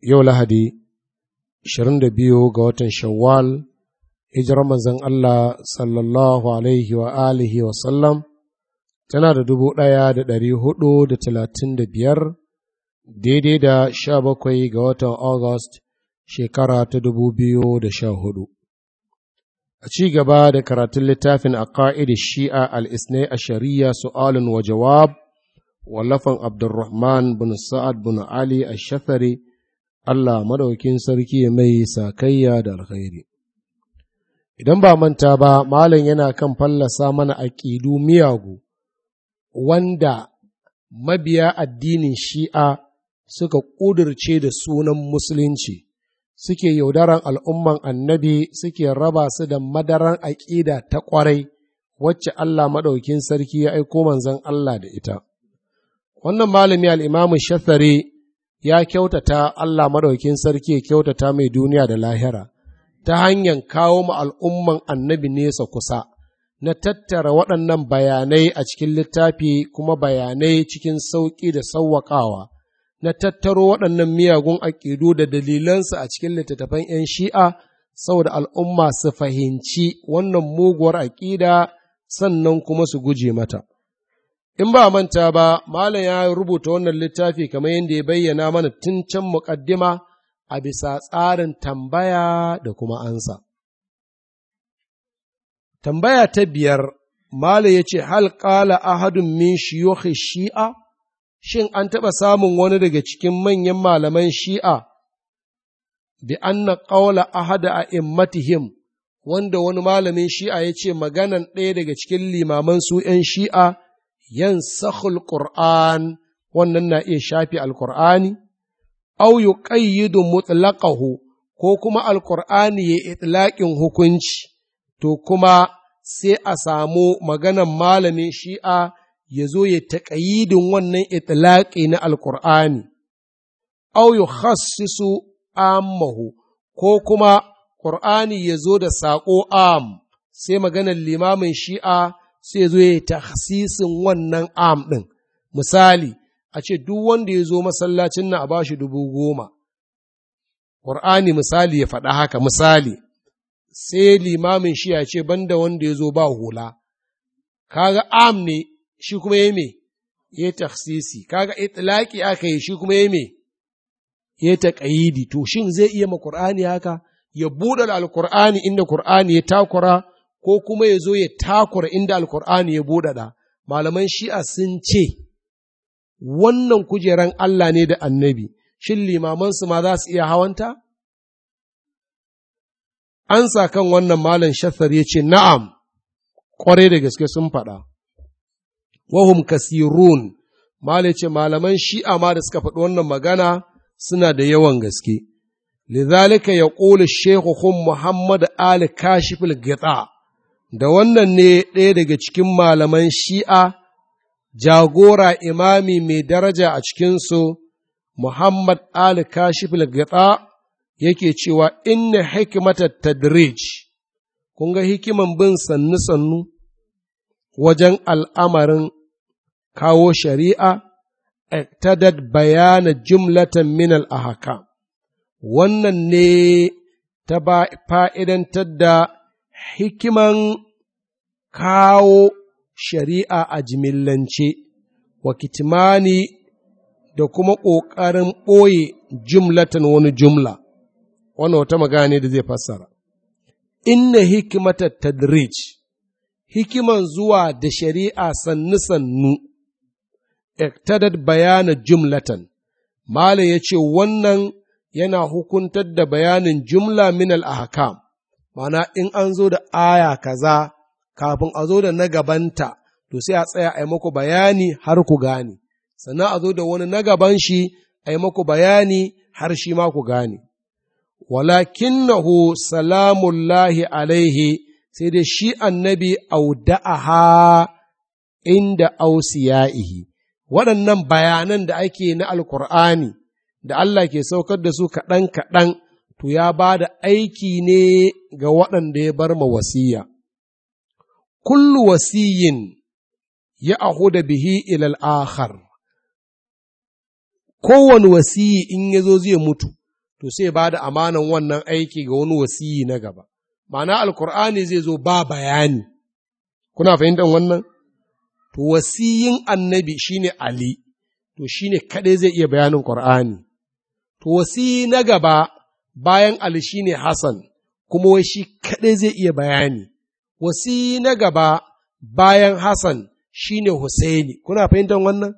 yau lahadi 22 ga watan shawwal hijirar manzon Allah sallallahu alaihi wa alihi wa sallam tana da dubu ɗaya da ɗari hudu da talatin da biyar daidai da sha bakwai ga watan August shekara ta dubu biyu da sha hudu. A ci gaba da karatun littafin a ƙa'id shi'a al'isnai a shari'a su'alun wa jawab, wallafan Abdulrahman bin Sa'ad bin Ali a shafari Allah madaukin sarki mai sakayya da alkhairi. Idan ba manta ba, Malam yana kan fallasa mana aƙidu miyagu, wanda mabiya addinin shi'a suka ƙudurce da sunan musulunci, suke yaudaran al'umman annabi suke raba su da madaran aƙida ta ƙwarai, wacce Allah maɗaukin sarki ya aiko manzon Allah da ita. Wannan malami al'imamu Shathari ya kyautata Allah maɗaukin sarki ya kyautata mai duniya da lahira ta hanyar kawo ma al'umman annabi nesa kusa na tattara waɗannan bayanai a cikin littafi kuma bayanai cikin sauƙi da sauwaƙawa na tattaro waɗannan miyagun aƙidu da dalilansu a cikin littattafan ‘yan shi'a saboda al'umma su fahimci wannan muguwar aƙida sannan kuma su guje mata. in ba manta ba malam ya rubuta wannan littafi kamar yadda ya bayyana mana tun can muƙaddima a bisa tsarin tambaya da kuma ansa tambaya ta biyar malam ya ce hal kala ahadun min shi'a shin an taɓa samun wani daga cikin manyan malaman shi'a bi an na ƙaula ahada a immatihim wanda wani malamin shi'a ya ce maganan ɗaya daga cikin limaman su ‘yan shi'a’ yan sahul wannan na iya shafi alƙur'ani, au yi ƙayyidu mutlaƙahu ko kuma alƙur'ani ya itlaƙin hukunci, to kuma sai a samu maganan malamin shi'a ya zo ya taƙayidin wannan itlaƙi na alƙur'ani, au yi khassisu ammahu ko kuma ƙur'ani ya zo da saƙo am, sai maganan limamin shi'a sai zo ya tahsisin wannan am ɗin. Misali, a ce duk wanda ya zo masallacin nan a ba shi dubu goma. Ƙur'ani misali ya faɗa haka misali, sai limamin shi ya ce banda wanda ya zo ba hula. Kaga am ne shi kuma ya me, ya tahsisi, kaga itilaki aka yi shi kuma ya me, ya taƙayidi, to shin zai iya ma Ƙur'ani haka? Ya buɗe alkur'ani Alƙur'ani inda Ƙur'ani ya takura ko kuma ya zo ya takura inda alkur'ani ya buɗaɗa malaman shi'a sun ce wannan kujeran Allah ne da annabi shin limaman su ma za su iya hawanta? An sa kan wannan malam shathar ya ce na'am ƙwarai da gaske sun faɗa wahum kasirun malai ce malaman shi'a ma da suka faɗi wannan magana suna da yawan gaske. ya يقول الشيخ محمد Ali كاشف الغطاء da wannan ne ɗaya daga cikin malaman shi'a jagora imami mai daraja a cikinsu Muhammad Ali Kashif Gata yake cewa inna hikimata tadrij kun ga hikiman bin sannu-sannu wajen al'amarin kawo shari'a bayana jumlatan minal a haka wannan ne ta fa'idantar da hikiman kawo shari'a a jimillance, wa kitimani da kuma ƙoƙarin ɓoye jumlatan wani jumla, Wani wata magana da zai fassara. Inna hikimata tadrij, hikiman zuwa da shari'a sannu-sannu, ektadad bayana jumlatan, Malam ya ce wannan yana hukuntar da bayanin jumla min al-ahkam Mana in an zo da aya kaza kafin a zo da na gabanta, to sai a tsaya a yi maku bayani har ku gane, sannan a zo da wani na gaban shi a yi maku bayani har shi ma ku gane. Walakinnahu salamullahi alaihi sai dai shi annabi auda'aha inda ausiya'ihi. Waɗannan bayanan da ake na alkur'ani da Allah ke saukar da su kaɗan-kaɗan to ya ba da aiki ne ga waɗanda ya bar ma wasiya. Kullu wasiyin ya ahu da bihi ilal akhar kowane wasiyi in ya zo zai mutu, to sai ba da amanan wannan aiki ga wani wasiyi na gaba. Ma'ana Alkur'ani zai zo ba bayani, kuna fahimtar wannan? To, wasiyin annabi shine Ali, to shine kaɗai zai iya bayanin Kur'ani. To, wasiyi na gaba bayan Ali shi ne Hassan, kuma wai shi kaɗai zai iya bayani. Wasi na gaba bayan Hassan shi ne Husaini, kuna fahimtar wannan?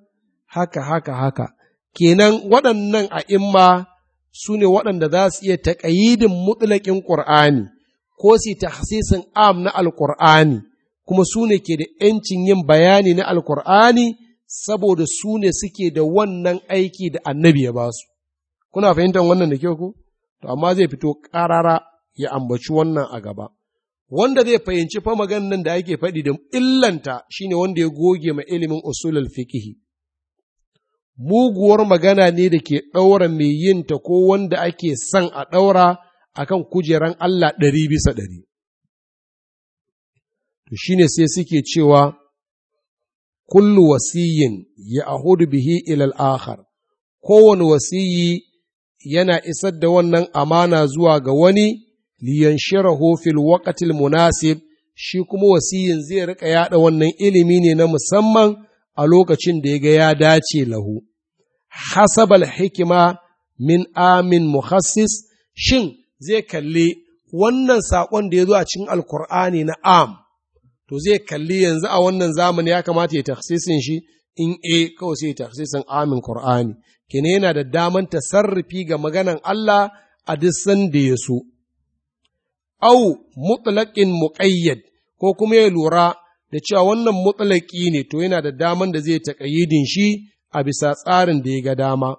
Haka, haka, haka. Kenan waɗannan a imma su ne waɗanda za su iya taƙayidin mutulakin Ƙur'ani, ko su tahsisin am na Alƙur'ani, kuma su ne ke da ‘yancin yin bayani na Alƙur'ani saboda su ne suke da wannan aiki da annabi ya ba su. Kuna fahimtar wannan da kyau ko? to amma zai fito ƙarara ya ambaci wannan a gaba. Wanda zai fahimci fa maganan da ake faɗi da illanta shi ne wanda ya goge ma ilimin usulul fikihi. Muguwar magana ne da ke ɗaura mai yinta ko wanda ake son a ɗaura a kan kujeran Allah ɗari bisa ɗari. To shi ne sai suke cewa, Kullu wasiyin ya ahudu bihi ilal akhar kowane wasiyi yana isar da wannan amana zuwa ga wani liyan shirahu fil waqatil munasib shi kuma wasiyin zai rika yaɗa wannan ilimi ne na musamman a lokacin da ya ga ya dace lahu hasabal hikima min amin muhassis shin zai kalli wannan saƙon da ya zo a cikin alkur'ani na am to zai kalli yanzu a wannan zamani ya kamata ya tafsisin shi in e kawai sai ya tafsisin amin kur'ani kine yana da daman tasarrufi ga maganan Allah a duk sanda ya so. Au mutlaƙin muƙayyad ko kuma ya lura da cewa wannan mutlaƙi ne to yana da daman da zai taƙayyidin shi a bisa tsarin da ya ga dama.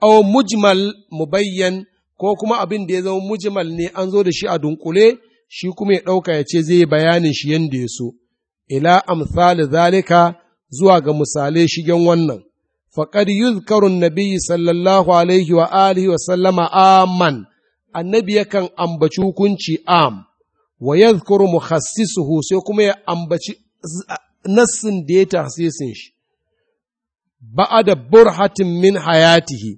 Au mujmal mu mubayyan ko kuma abin da ya zama mujmal ne an zo da shi a dunkule shi kuma ya ɗauka ya ce zai bayanin shi yanda ya so. Ila amsali zalika zuwa ga misalai shigen wannan. faƙad yuzkarun nabi sallallahu alaihi wa alihi wa annabi yakan ambaci hukunci am wa yadhkuru mukhassisuhu sai kuma ya ambaci nasin da ya tahsisin shi ba'ada burhatin min hayatihi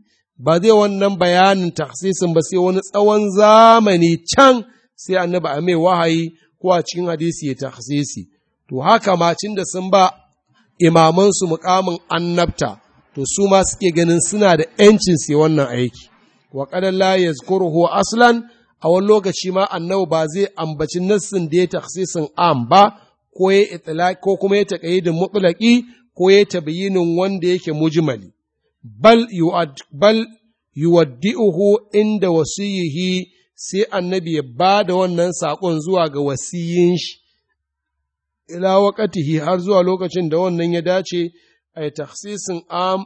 ba zai wannan bayanin tahsisin ba sai wani tsawon zamani can sai annabi a mai wahayi ko a cikin hadisi ya tahsisi to haka macin da sun ba imamansu mukamin annabta to su ma suke ganin suna da ‘yancin su wannan aiki, wa la yazkuruhu aslan a wani lokaci ma annabi ba zai ambaci nassin da ya taksisin am ba ko ya itila ko kuma ya da matsalaƙi, ko ya tabayinin wanda yake mujimali. bal yi yuwaddi'uhu inda wasiyihi sai annabi ya ba da wannan saƙon zuwa ga wasiyin shi ila waƙatihi har zuwa lokacin da wannan ya dace ay taksisin am,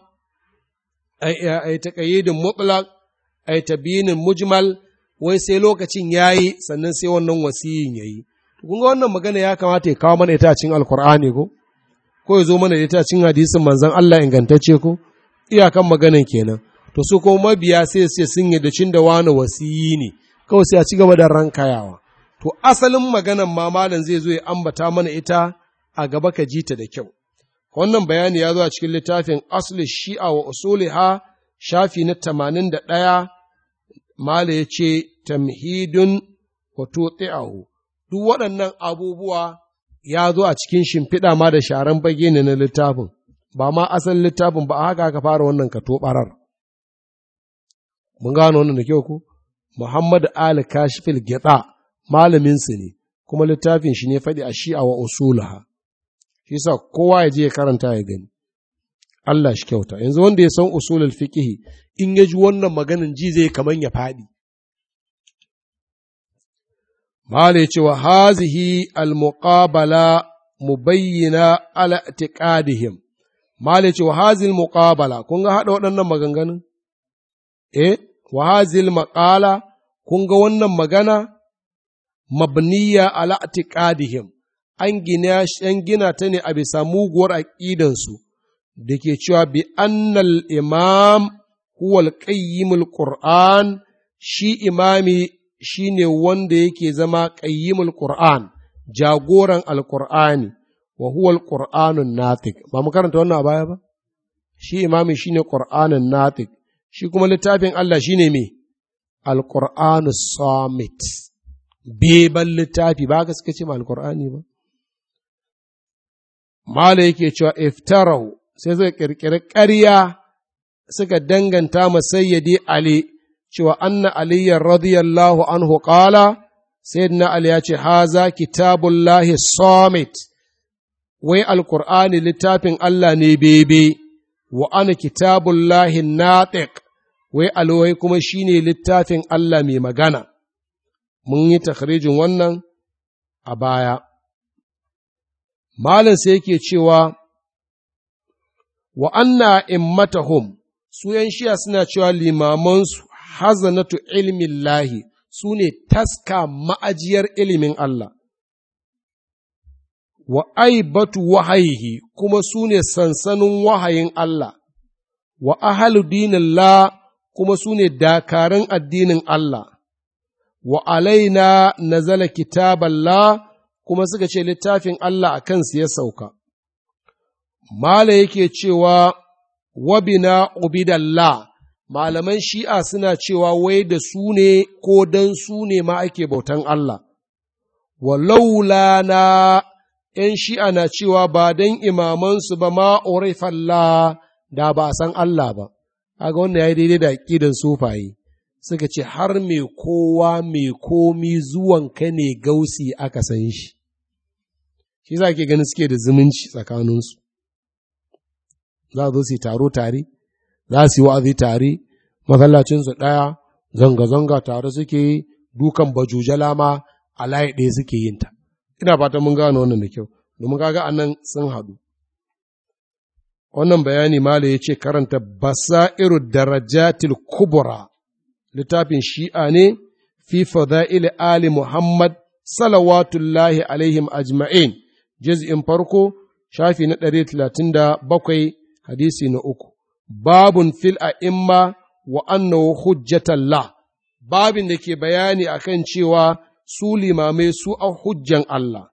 ay taƙayyidin mutlaq, ay tabinin mujmal, wai sai lokacin ya yi sannan sai wannan wasiyin ya yi. Kun ga wannan magana ya kamata ya kawo mana ita cin alkur'ani ko? Ko ya zo mana ita cin hadisin manzon Allah ingantacce ko? Iyakan maganan kenan. To su ko mabiya sai sai sun da cin da wani wasiyi ne, kawai sai a ci gaba da rankayawa. To asalin maganan ma malam zai zo ya ambata mana ita a gaba ka ji ta da kyau. Wannan bayani ya zo a cikin littafin Asli Shi'a wa ha shafi na tamanin da ɗaya, Mala ya ce, Tamhidun wato tsi'ahu, duk waɗannan abubuwa ya zo a cikin shimfiɗa ma da sharan bage ne na littafin, ba ma asalin littafin ba a haka aka fara wannan ka to ɓarar. Mun gano wannan da kyau ku? Muhammad Ali Kashfil Gyaɗa malaminsu ne, kuma littafin shi ne faɗi a shi'a wa usulaha. shi sa kowa ya je ya karanta ya gani Allah shi kyauta yanzu wanda ya san usulul fiqhi in ya ji wannan maganin ji zai kaman ya faɗi Malai wa hazihi al-muqabala mubayyina ala i'tiqadihim Malai cewa hazil muqabala kun ga hada waɗannan maganganun eh wa hazil maqala kun ga wannan magana mabniya ala i'tiqadihim an gina ta ne a bisa muguwar aƙidansu da ke cewa bi annal imam huwal qayyimul qur'an shi imami shi ne wanda yake zama ƙayyimul qur'an jagoran alqur'ani wa huwal qur'anun natik ba mu karanta wannan a baya ba shi imami shi ne qur'anun natik shi kuma littafin Allah shi ne me alqur'anus summit beban littafi ba ka suka ce ma alqur'ani ba Mala yake cewa iftarau sai suka ƙirƙiri ƙarya suka danganta ma sayyidi Ali cewa anna aliyyar radiyallahu anhu qala sayyidina Ali ya ce haza kitabullahi summit wai alkur'ani littafin Allah ne bebe wa ana kitabullahi natiq wai alwai kuma shine littafin Allah mai magana mun yi takhrijin wannan a baya Malam sai yake cewa, wa anna immatahum su ‘yan shiya suna cewa limaman su hazanatu ilmin lahi su ne taska ma'ajiyar ilimin Allah, wa aibatu wahayihi kuma su ne sansanin wahayin Allah, wa ahalu dinin la kuma su ne dakarun addinin Allah, wa alaina nazala kitaballah kuma suka ce littafin Allah a kansu ya sauka. Mala yake cewa wabina ubidallah malaman shi'a suna cewa wai da su ne ko don su ne ma ake bautan Allah, walaula na ’yan shi'a na cewa ba don imamansu ba ma orifalla da ba a san Allah ba, aga wannan ya yi daidai da ƙidan sufaye, suka ce har mai kowa mai komi zuwanka ne gausi aka san shi. shi za ke ganin suke da zumunci tsakaninsu za zo su yi taro tare za su yi wa'azi tare masallacinsu ɗaya zanga-zanga tare suke yi dukan bajujala ma a layi ɗaya suke yin ta ina fatan mun gane wannan da kyau domin kaga anan sun haɗu wannan bayani mala ya ce karanta basairu darajatil kubra littafin shi'a ne fi fada'il ali muhammad salawatullahi alaihim ajma'in juz'in farko shafi na ɗari talatin da bakwai hadisi na uku babun fil a imma wa hujjatan hujjatallah babin da ke bayani akan cewa su limamai su a hujjan Allah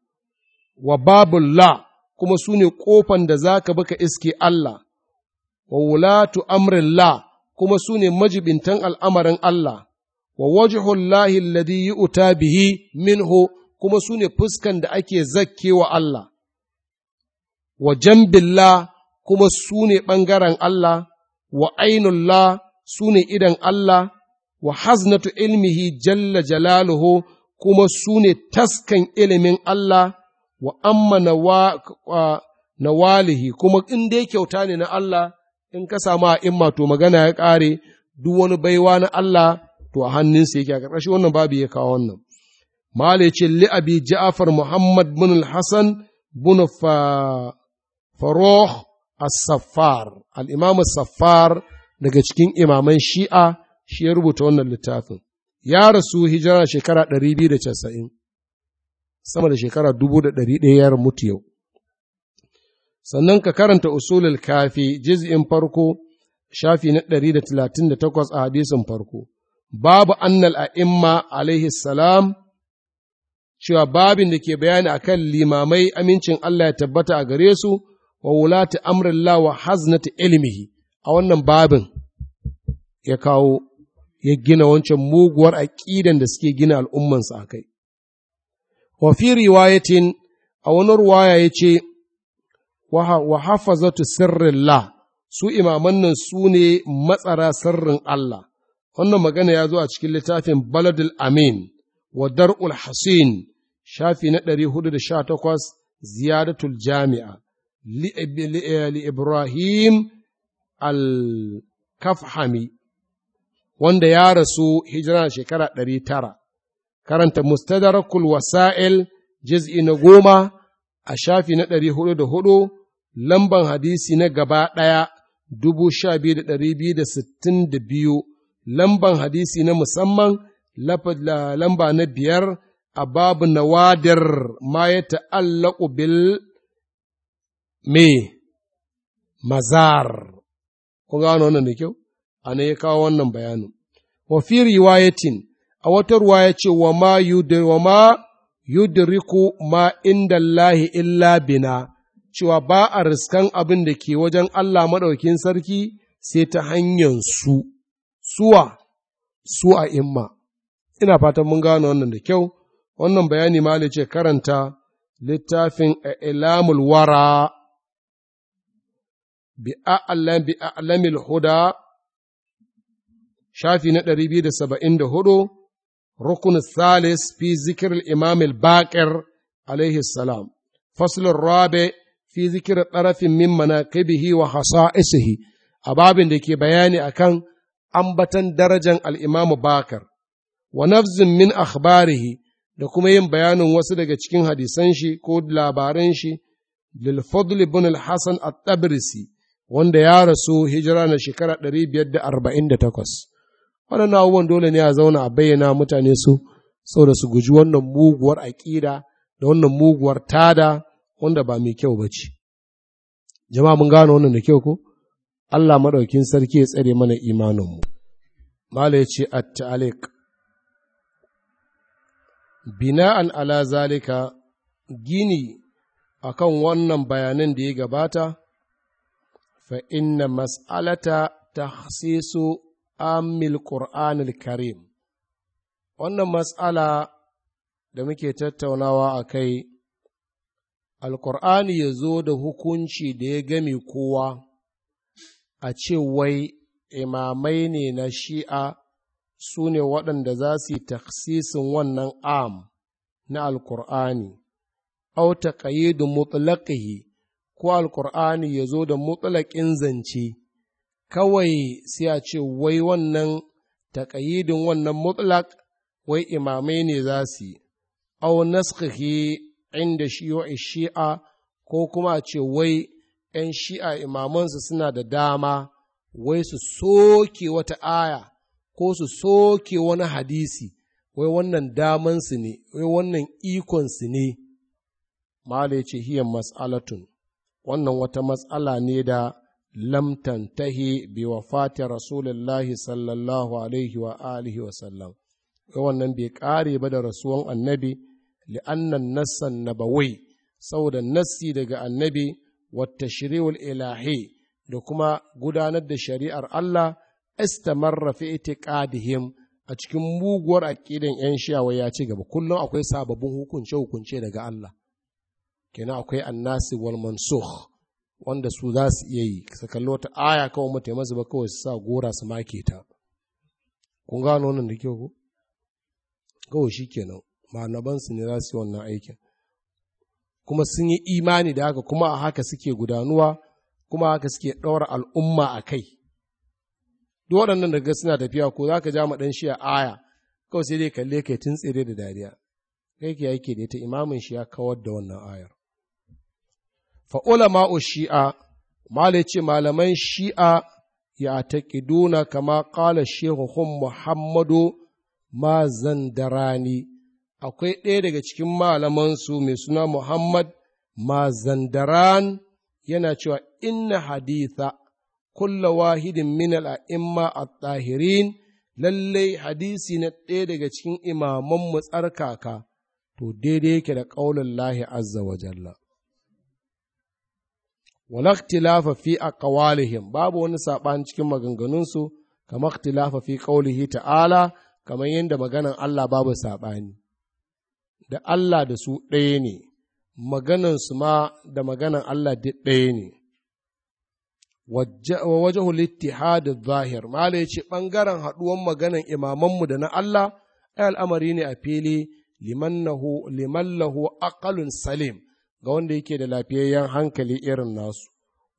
wa babun la kuma su ne ƙofan da za ka baka iske Allah wa wulatu amrin la kuma su ne majibintan al'amarin Allah wa Ladi yi yu'ta bihi minhu kuma su ne fuskan da ake zakke wa Allah, wa jambilla kuma su ne ɓangaren Allah, wa ainullah su ne idan Allah, wa haznatu ilmihi jalla jalaluhu kuma su ne taskan ilimin Allah, wa amma na walihi kuma in dai kyauta ne na Allah, in ka samu a imma magana ya ƙare, duk wani baiwa na Allah to a hannunsa yake a ƙarƙashin wannan babu ya kawo wannan. Malai ce li'abi Ja'afar Muhammad bin Hassan bin Faroh As-Saffar, al'imamu Saffar daga cikin imaman Shi'a shi ya rubuta wannan littafin. Ya rasu hijira shekara 290, sama da shekara 1100 ya mutu yau. Sannan ka karanta usulul kafi jiz'in farko, shafi na 138 a hadisin farko, babu annal a'imma alaihi salam. cewa babin da ke bayani a kan limamai amincin Allah ya tabbata a gare su wa wulati amrillah wa haznati ilmihi a wannan babin ya kawo ya gina wancan muguwar aƙidan da suke gina al'ummansa a kai. Wa fi riwayatin a wani ruwaya ya ce, wa zato sirrin la, su imaman nan su ne matsara sirrin Allah, wannan magana ya zo a cikin littafin Baladul Amin wa dar'ul hasin shafi na ɗari hudu da sha takwas ziyadatul jami'a li Ibrahim al-Kafhami wanda ya rasu hijira shekara ɗari tara karanta mustadarakul wasa'il juz'i na goma a shafi na ɗari hudu da hudu lamban hadisi na gaba ɗaya dubu sha biyu da ɗari biyu da sittin da biyu lamban hadisi na musamman lamba na biyar a babu nawadir ma ya ta'allaku bil me mazar. Kun gano wannan da kyau? A ne ya kawo wannan bayanin. Wa fi riwayatin, a wata ruwa ya ce, wa ma yudiriku ma inda Allahi illa bina, cewa ba a riskan abin da ke wajen Allah maɗaukin sarki sai ta hanyar su, suwa, su a imma. ina fatan mun gano wannan da kyau wannan bayani ma ce karanta littafin ilamul wara bi a'lam bi a'lamil huda shafi na hudu, rukun thalis fi zikr imamil imam al salam rabi fi zikr tarafin min manaqibihi wa a ababin da ke bayani akan ambatan darajan al-imam wa nafzin min akhbarihi da kuma yin bayanin wasu daga cikin hadisan shi ko labaran shi lil fadl ibn al hasan at-tabrisi wanda ya rasu hijira na shekara 548 waɗannan abubuwan dole ne a zauna a bayyana mutane su saboda su guji wannan muguwar aƙida da wannan muguwar tada wanda ba mai kyau ba ce jama'a mun gano wannan da kyau ko Allah maɗaukin sarki ya tsare mana imaninmu. Mala ya ce, At-Talik, bina'an ala zalika gini akan wannan bayanan da ya gabata fa inna mas'alata tahsisu amil qur'anil karim wannan mas'ala da muke tattaunawa a kai alkur'ani ya zo da hukunci da ya gami kowa a ce wai imamai ne na shi'a su ne waɗanda za su yi taksisin wannan am na alkur'ani au taqayidu mutlaqihi ko alkur'ani ya zo da mutlaqin zance kawai sai a ce wai wannan taƙayidin wannan mutlaq wai imamai ne za su yi, au naskihi inda shiyo'i shi'a ko kuma a ce wai ‘yan shi'a imamansu suna da dama wai su soke wata aya ko su soke wani hadisi wai wannan damansu ne wai wannan ikonsu ne mala ya ce hiya mas'alatun wannan wata matsala ne da lamtan tahi bi wafati rasulullahi sallallahu alaihi wa alihi wa sallam wai wannan bai kare ba da rasuwan annabi li'annan nassan nabawai saboda nassi daga annabi wata shiriwul ilahi da kuma gudanar da shari'ar Allah istamarra fi itiqadihim a cikin muguwar aqidan yan shiyawa ya ci gaba kullum akwai sababbin hukunce hukunce daga Allah kenan akwai annasi wal mansukh wanda su za su iya yi su aya kawai mata masu ba kawai su sa gora su make ta kun gano nan da kyau ko kawai shi kenan malamansu ne za su yi wannan aikin kuma sun yi imani da haka kuma a haka suke gudanuwa kuma haka suke ɗaura al'umma a kai duk waɗannan daga suna tafiya ko za ka ja ma ɗan shi aya kawai sai dai kalle kai tun tsere da dariya kai ke yake da ita imamin shi kawar da wannan ayar fa ulama shi'a malai ce malaman shi'a ya taqiduna kama ƙala shehuhum muhammadu ma zandarani akwai ɗaya daga cikin malamansu mai suna muhammad ma zandaran yana cewa inna haditha kulla wahidin min al'imma a tahirin lallai hadisi na ɗaya daga cikin imamanmu tsarkaka, to daidai yake da ƙaunin lahi azza wa jalla. Walaktilafa fi a ƙawalihim, babu wani saɓani cikin maganganunsu, kamar tilafa fi ƙaulihi ta'ala, kamar yadda maganan Allah babu sabani Da Allah da su ɗaya ne, maganansu ma da maganan Allah duk ɗaya ne. wajahu littihad zahir mala yace bangaren haduwan maganan imamanmu da na Allah ai al'amari ne a fili limannahu limallahu aqalun salim ga wanda yake da lafiyayyen hankali irin nasu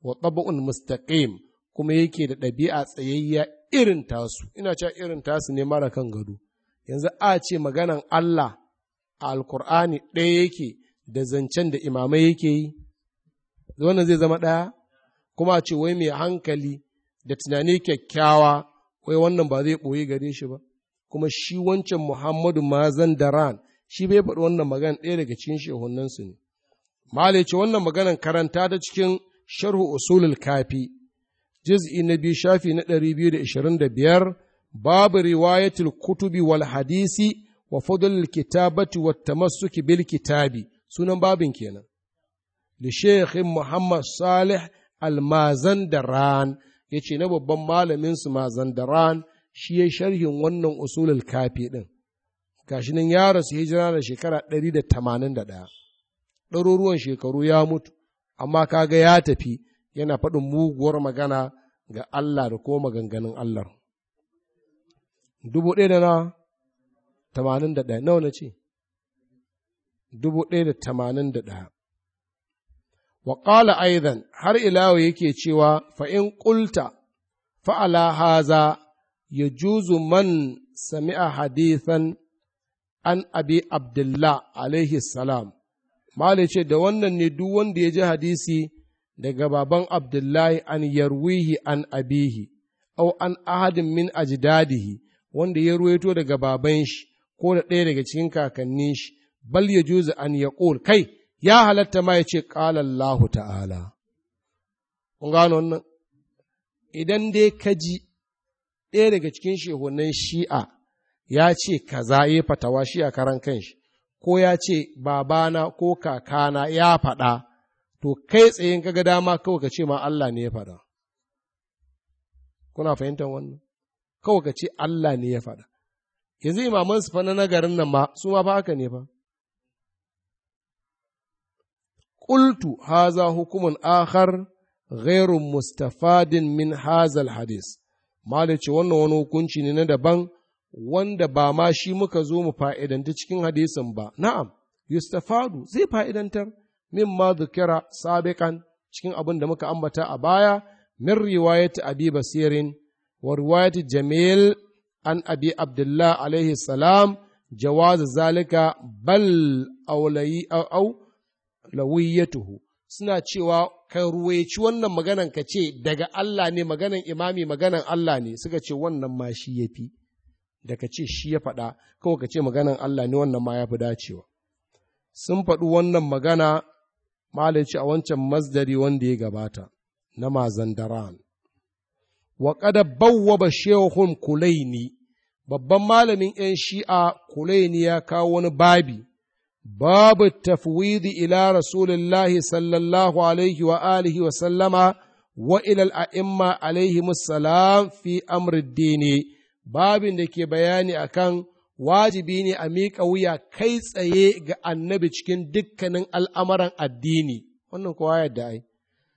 wa tab'un mustaqim kuma yake da ɗabi'a tsayayya irin tasu ina cewa irin tasu ne mara kan gado yanzu a ce maganan Allah a alkur'ani ɗaya yake da zancen da imamai yake yi wannan zai zama ɗaya kuma ce wai mai hankali da tunani kyakkyawa wai wannan ba zai ɓoye gare shi ba kuma shi wancan muhammadu mazan daran shi bai faɗi wannan magana ɗaya daga cikin shehunansu ne malai ce wannan maganan karanta ta cikin sharhu usulul kafi juz'i na biyu shafi na ɗari biyu da ishirin da biyar babu riwayatul kutubi wal hadisi wa fadlul kitabati wa tamassuki bil kitabi sunan babin kenan li shaykh muhammad salih almazandaran ya ce na babban malaminsu mazandaran shi ya sharhin wannan usulul kafi ɗin gashi nan ya rasu hijira da shekara ɗari da tamanin da ɗaya ɗaruruwan shekaru ya mutu amma kaga ya tafi yana faɗin muguwar magana ga Allah da ko maganganun Allah dubu ɗaya da na tamanin da ɗaya nawa na ce dubu ɗaya da tamanin da ɗaya wa ƙala har ilawa yake cewa fa'in ƙulta fa'ala haza ya juzu man sami'a hadithan an abi abdullah alaihi salam mali ce da wannan ne duk wanda ya ji hadisi daga baban abdullahi an yarwihi an abihi au an ahadin min ajdadihi wanda ya ruwaito daga baban shi ko da ɗaya daga cikin kakannin shi bal ya juzu an ya kai ya halatta ma ya ce ƙalallahu ta'ala. Kun gano wannan, idan dai ka ji ɗaya daga cikin shehunan shi'a ya ce kaza ya fatawa shi a karan kanshi, ko ya ce babana ko kakana ya faɗa, to kai tsayin kaga dama kawai ka ce ma Allah ne ya faɗa. Kuna fahimtar wannan? Kawai ka ce Allah ne ya faɗa. Yanzu imaman su fa na nagarin nan ma, su ma fa haka ne fa. qultu haza hukumun akhar ghairu mustafadin min hazal hadis malice wannan wani hukunci ne na daban wanda ba ma shi muka zo mu fa'idanta cikin hadisin ba na'am yustafadu zai fa'idantar min ma dhukira sabiqan cikin abin da muka ambata a baya min riwayati abi basirin wa riwayat jamil an abi abdullah alaihi salam جواز zalika bal أولي أو, lawiyatuhu suna cewa ka ruwaici wannan maganan ka ce daga Allah ne maganan imami maganan Allah ne suka ce wannan ma shi ya fi da ka ce shi ya faɗa kawai ka ce maganan Allah ne wannan ma ya fi dacewa sun faɗi wannan magana malaci a wancan masdari wanda ya gabata na mazandaran wa kada bawwaba shehun kulaini babban malamin ‘yan shi'a kulaini ya kawo wani babi babu التفويض ila رسول sallallahu alaihi الله عليه wa sallama وإلى الأئمة a'imma السلام في fi الدين babin da ke bayani akan wajibi ne a mika wuya kai tsaye ga annabi cikin dukkanin wannan kowa yadda ai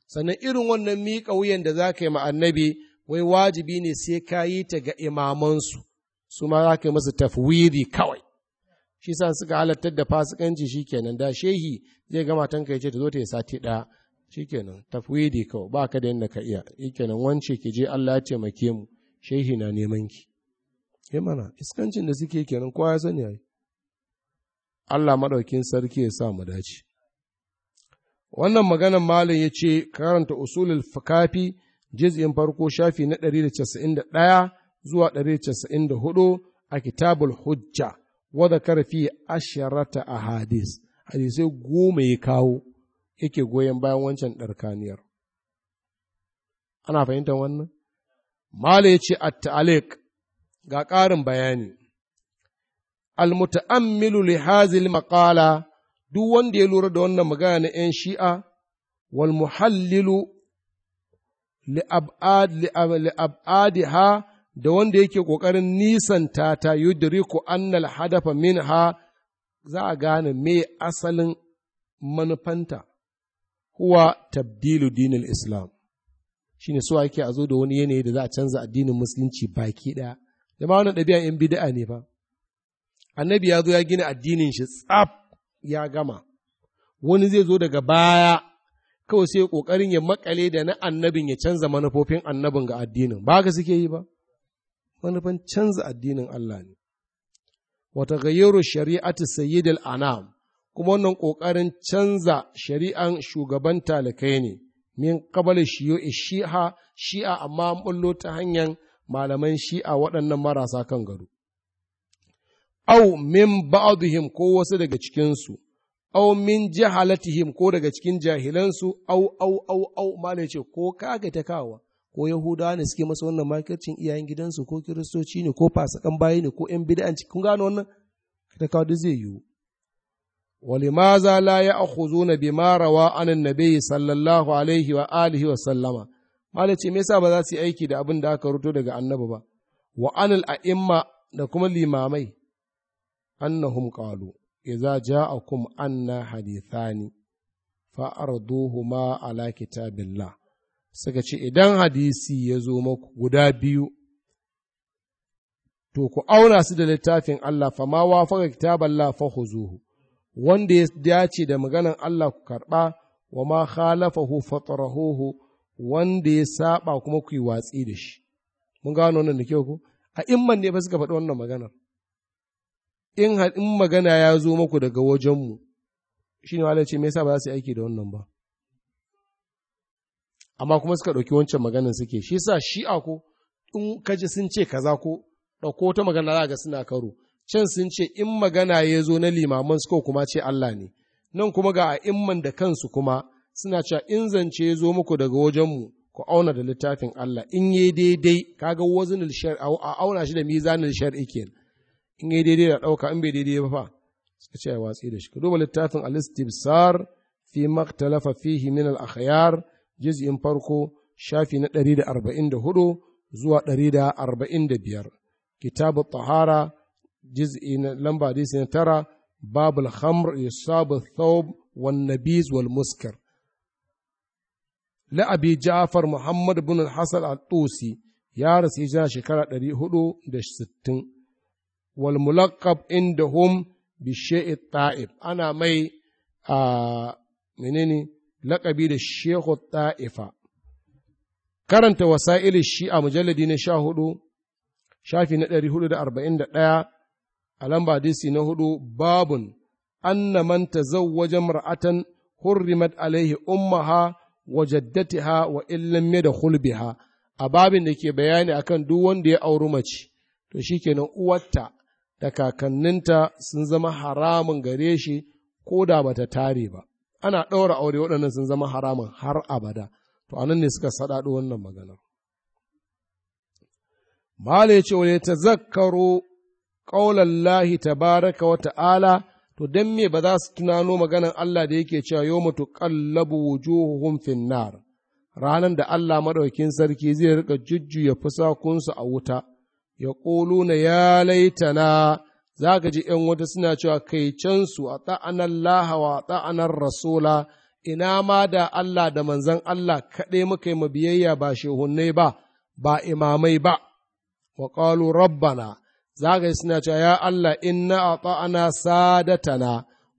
sannan irin wannan miƙa wuyan da za ka yi ma annabi wai wajibi ne sai ka yi ta ga imamansu su ma za ka yi musu tafwidi kawai shi sa suka halattar da fasikanci shikenan da shehi zai gama tanka ce ta zo ta yi sati ɗaya shikenan da kawo ba ka da yadda ka iya shikenan wance ki je Allah ya taimake mu shehi na neman ki ke eh mana iskancin da suke kenan kowa ya sani ai Allah madaukin sarki ya sa mu dace wannan maganar malam ya ce karanta usulul fakafi jiz'in farko shafi na 191 zuwa 194 a kitabul hujja wadda karfi asharata a hadis hadisai goma ya kawo yake goyon bayan wancan ɗarkaniyar ana fahimtar wannan mala ya ce at-ta'aliq ga ƙarin bayani al-muta'ammilu li hazil duk wanda ya lura da wannan magana na 'yan shi'a wal muhallilu li ab'ad li ab'adiha da wanda yake ƙoƙarin nisanta ta yudriku annal hadafa minha za a gane me asalin manufanta huwa tabdilu dinin islam shine so ake a zo da wani yanayi da za a canza addinin musulunci baki ɗaya da ma wannan ɗabi'a in bid'a ne ba annabi ya zo ya gina addinin shi tsaf ya gama wani zai zo daga baya kawai sai ƙoƙarin ya makale da na annabin ya canza manufofin annabin ga addinin ba haka suke yi ba manufan canza addinin Allah ne. Wata gayyaru shari'atu sayyidil anam kuma wannan ƙoƙarin canza shari'an shugaban talakai ne, min kabali shiyo shi'a shi'a amma ɓullo ta hanyar malaman shi'a waɗannan marasa kan gado. Au min ba'aduhim ko wasu daga cikinsu, au min jahalatihim ko daga cikin jahilansu, au au au au malai ce ko kaga ta kawa. ko yahudawa ne suke masa wannan makircin iyayen gidansu ko kiristoci ne ko fasakan bayi ne ko yan bid'an kun gano wannan ta kawo duk zai yiwu na لا يأخذون anan na bai sallallahu alaihi wa alihi wa sallama. malace me yasa ba za su yi aiki da abin da aka ruto daga annabi ba wa anil a'imma da kuma limamai annahum qalu idza ja'akum anna hadithani fa arduhuma ala kitabillah suka ce idan hadisi ya zo maku guda biyu to ku auna su da littafin Allah fa ma faga kitaballah fa khuzuhu wanda ya dace da maganan Allah ku karɓa wa ma khalafahu fatarahuhu wanda ya saba kuma ku yi watsi da shi mun gano wannan da kyau ku a imman ne ba suka faɗi wannan magana? in magana ya zo muku daga wajenmu shine wala ce me yasa ba za su yi aiki da wannan ba amma kuma suka ɗauki wancan maganin suke shi sa shi'a ko in kaji sun ce kaza ko ɗauko ta magana za ga suna karo can sun ce in magana ya zo na limaman suka kuma ce Allah ne nan kuma ga a imman da kansu kuma suna cewa in zance ya zo muku daga wajenmu ku auna da littafin Allah in yi daidai kaga wazin a auna shi da mizanin shar'i kenan in yi daidai da ɗauka in bai daidai ba fa suka ce watsi da shi ka duba littafin al-istibsar fi maktalafa fihi min al-akhyar juz'in farko shafi na 144 zuwa 145 kitabu tahara juz'i na lamba hadisi na tara babul khamr yusabu thawb wan nabiz wal muskar لأبي جعفر محمد بن الحسن الطوسي يارس هجرة شكرة دري هدو دش ستن والملقب عندهم بالشيء الطائب أنا مي آه منيني Lakabi da Shehu Ta'ifa. Karanta wasa'il shi'a mujalladi na sha hudu, shafi na ɗari hudu da arba'in da ɗaya, a lamba disi na hudu babun, anna man tazawwaja mar'atan hurrimat alaihi ummaha wa jaddatiha wa illam da hulbiha a babin da ke bayani akan duk wanda ya auri mace to shikenan uwarta da kakanninta sun zama haramun gare shi ko da bata tare ba ana ɗaura aure waɗannan sun zama haramun har abada to anan ne suka saɗaɗo wannan maganar Mala ya ce wa ta zakkaro ƙaulallahi baraka wa ta'ala to don me ba za su tunano maganar Allah da yake cewa yau mutu ƙallabu wujuhuhum finnar ranar da Allah maɗaukin sarki zai riƙa jujjuya fusakunsu a wuta ya ƙulu na ya laitana za ka ji ‘yan wata suna cewa kai cansu a ta'anar lahawa a ta'anar rasula ina ma da Allah da manzan Allah kaɗai muka yi biyayya ba shehunnai ba ba imamai ba wa ƙalu rabbana za ka yi suna cewa ya Allah inna a ta'ana sadatana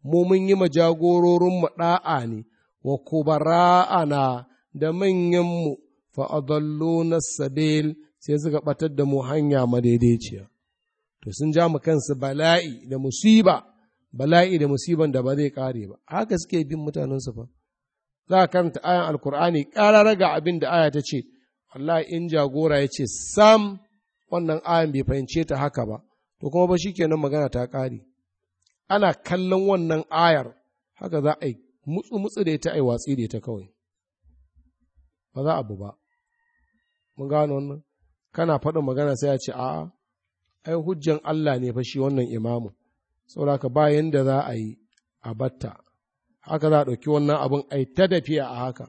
mu mun yi ma jagororinmu ɗa'a ne wa kubara'ana da manyanmu fa'adallo na sabil sai suka ɓatar da mu hanya madaidaiciya. to sun ja mu kansu bala'i da musiba bala'i da musiban da ba zai kare ba haka suke bin mutanensu fa za a karanta ayan alkur'ani ƙara raga abin da aya ta ce Wallahi in jagora ya ce sam wannan ayan bai fahimce ta haka ba to kuma ba shikenan magana ta ƙare ana kallon wannan ayar haka za a yi mutsu mutsu da ita a yi watsi da ita kawai ba za abu ba mun gano wannan kana faɗin magana sai a ce a'a ai hujjan Allah ne fa shi wannan imamu saboda ba da za a yi a batta haka za a ɗauki wannan abin ai ta tafiya a haka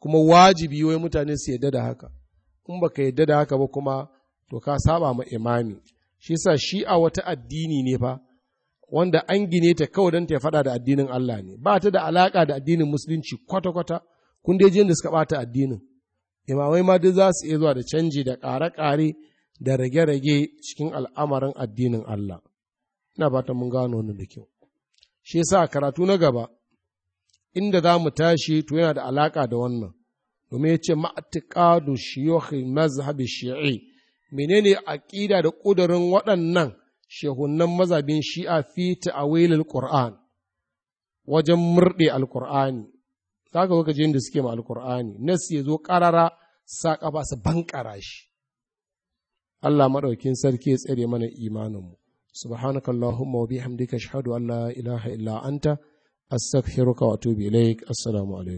kuma wajibi wai mutane su yadda da haka in baka yadda da haka ba kuma to ka saba ma imami shi yasa shi a wata addini ne fa wanda an gine ta kawai don ta faɗa da addinin Allah ne ba ta da alaka da addinin musulunci kwata-kwata kun dai da suka bata addinin imamai ma duk za su iya zuwa da canji da ƙare-ƙare da rage-rage cikin al'amarin addinin Allah. Ina ba ta mun gano wani da kyau. Shi yasa karatu na gaba, inda za mu tashi to yana da alaƙa da wannan, domin ya ce ma'atiƙadu shiyokhi mazhabi shi'i, menene aƙida da ƙudurin waɗannan shehunan mazhabin shi'a fi wailin Qur'an wajen murɗe alƙur'ani. Za ka da suke ma alƙur'ani, nasi ya zo ƙarara sa ƙafa su bankara shi. Allah maɗaukin sarki ya tsare mana imaninmu subhanaka allahumma wa bihamdika ashhadu an la ilaha illa anta astaghfiruka wa atubu ilaik assalamu alaikum